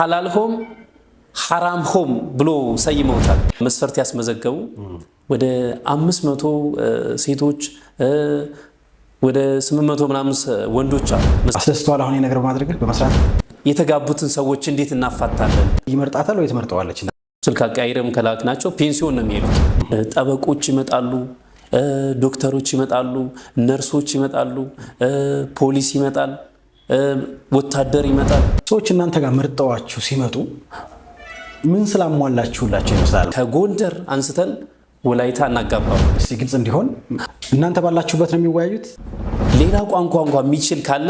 ሐላል ሆም ሐራም ሆም ብሎ ሰይመውታል። መስፈርት ያስመዘገቡ ወደ አምስት መቶ ሴቶች ወደ ስምንት መቶ ምናምን ወንዶች አሉ። አስደስተዋል። አሁን የነገር በማድረግ በመስራት የተጋቡትን ሰዎች እንዴት እናፋታለን? ይመርጣታል ወይ ትመርጠዋለች? ስልክ አቀያይረም ከላክ ናቸው ፔንሲዮን ነው የሚሄዱት። ጠበቆች ይመጣሉ፣ ዶክተሮች ይመጣሉ፣ ነርሶች ይመጣሉ፣ ፖሊስ ይመጣል። ወታደር ይመጣል። ሰዎች እናንተ ጋር መርጠዋችሁ ሲመጡ ምን ስላሟላችሁላቸው ይመስላል? ከጎንደር አንስተን ወላይታ እናጋባው። እስኪ ግልጽ እንዲሆን እናንተ ባላችሁበት ነው የሚወያዩት። ሌላ ቋንቋ እንኳ የሚችል ካለ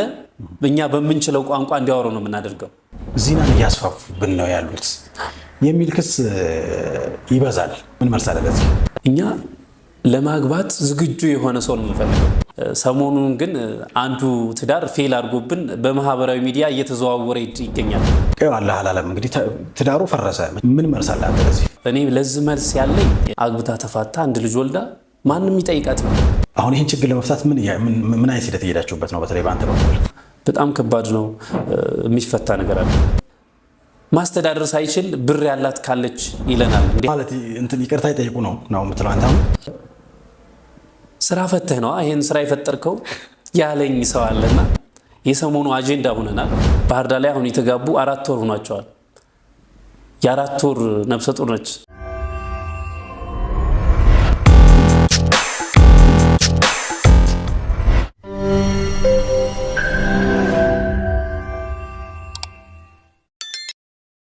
እኛ በምንችለው ቋንቋ እንዲያወሩ ነው የምናደርገው። ዜናን እያስፋፉብን ነው ያሉት የሚል ክስ ይበዛል። ምን መልስ አለ ለዚህ? እኛ ለማግባት ዝግጁ የሆነ ሰው ነው የምፈልገው። ሰሞኑን ግን አንዱ ትዳር ፌል አድርጎብን በማህበራዊ ሚዲያ እየተዘዋወረ ይገኛል። አላህ አላለም እንግዲህ ትዳሩ ፈረሰ። ምን መልስ አለ ለዚህ? እኔ ለዚህ መልስ ያለኝ አግብታ ተፋታ አንድ ልጅ ወልዳ ማንም ይጠይቃት። አሁን ይህን ችግር ለመፍታት ምን አይነት ሂደት እየሄዳችሁበት ነው? በተለይ በአንተ በኩል በጣም ከባድ ነው። የሚፈታ ነገር አለ ማስተዳደር ሳይችል ብር ያላት ካለች ይለናል። ማለት ይቅርታ ይጠይቁ ነው ነው የምትለው አንተ አሁን ስራ ፈተህ ነው ይህን ስራ የፈጠርከው ያለኝ ሰው አለና የሰሞኑ አጀንዳ ሆነናል። ባህር ዳር ላይ አሁን የተጋቡ አራት ወር ሆኗቸዋል። የአራት ወር ነብሰ ጡር ነች።